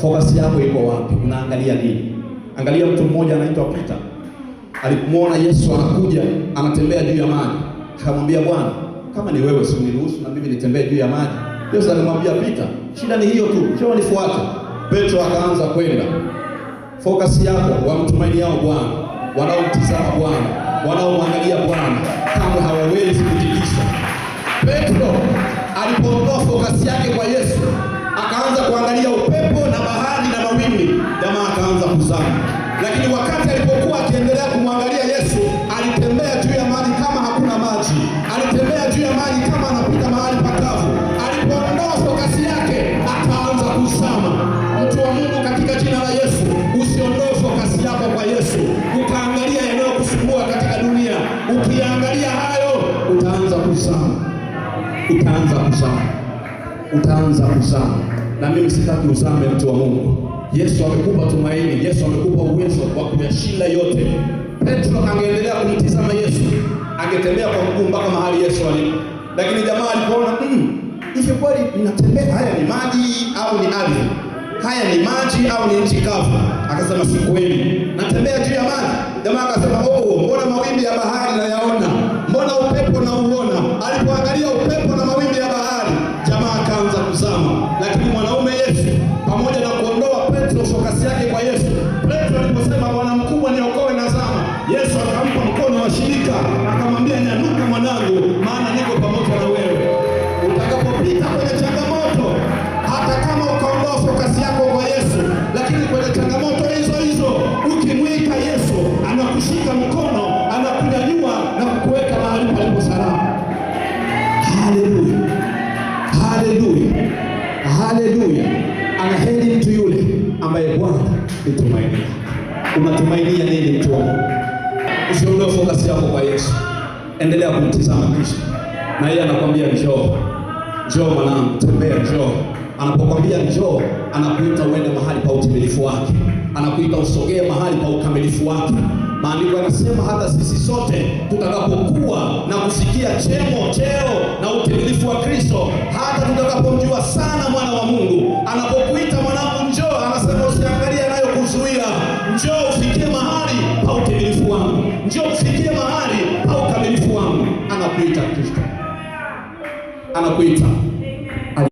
focus yako iko wapi? Unaangalia nini? Angalia mtu mmoja anaitwa Peter, alipomwona Yesu anakuja anatembea juu ya maji, akamwambia Bwana, kama ni wewe, si uniruhusu na mimi nitembee juu ya maji? Yesu alimwambia Peter, shida ni hiyo tu, njoo nifuate. Petro akaanza kwenda. Focus yako, yao Bwana, wanaomtizama Bwana, wanaomwangalia Bwana, kama hawawezi kutikisha. Petro alipoondoa focus yake kwa Yesu, akaanza kuangalia utaanza kuzama utaanza kuzaa. Na mimi sitaki uzame, mtu wa Mungu. Yesu amekupa tumaini, Yesu amekupa uwezo wa kuyashinda yote. Petro angeendelea kumtizama Yesu, angetembea kwa mguu mpaka mahali Yesu alipo, lakini jamaa alipoona hivi, mm, kweli ninatembea, haya ni maji au ni ardhi? Haya ni maji au ni nchi kavu? Akasema si kweli, natembea juu ya maji. Jamaa akasema oh, mbona mawimbi ya bahari akamwambia, nyanyuka mwanangu, maana niko pamoja na wewe. Utakapopita kwenye changamoto, hata kama ukaondoa fokasi yako kwa Yesu, lakini kwenye changamoto hizo hizo ukimwita Yesu, anakushika mkono, anakunyanyua na kukuweka mahali palipo salama. Haleluya, haleluya, haleluya! Anaheri mtu yule ambaye Bwana nitumainia Unatumainia nini mtu wangu? usiondoe focus yako kwa Yesu, endelea kumtizama Kristo, na yeye anakwambia njoo, njoo mwanangu, tembea, njoo. Anapokwambia njoo, anakuita uende mahali pa utimilifu wake, anakuita usogee mahali pa ukamilifu wake. Maandiko yanasema hata sisi sote tutakapokuwa na kusikia chemo cheo na utimilifu wa Kristo, hata tutakapomjua sana mwana wa Mungu, anapokuita mwanangu, njoo, anasema usiangalie anayokuzuia, njoo ndio mfikie mahali au ukamilifu wangu. Anakuita Kristo, anakuita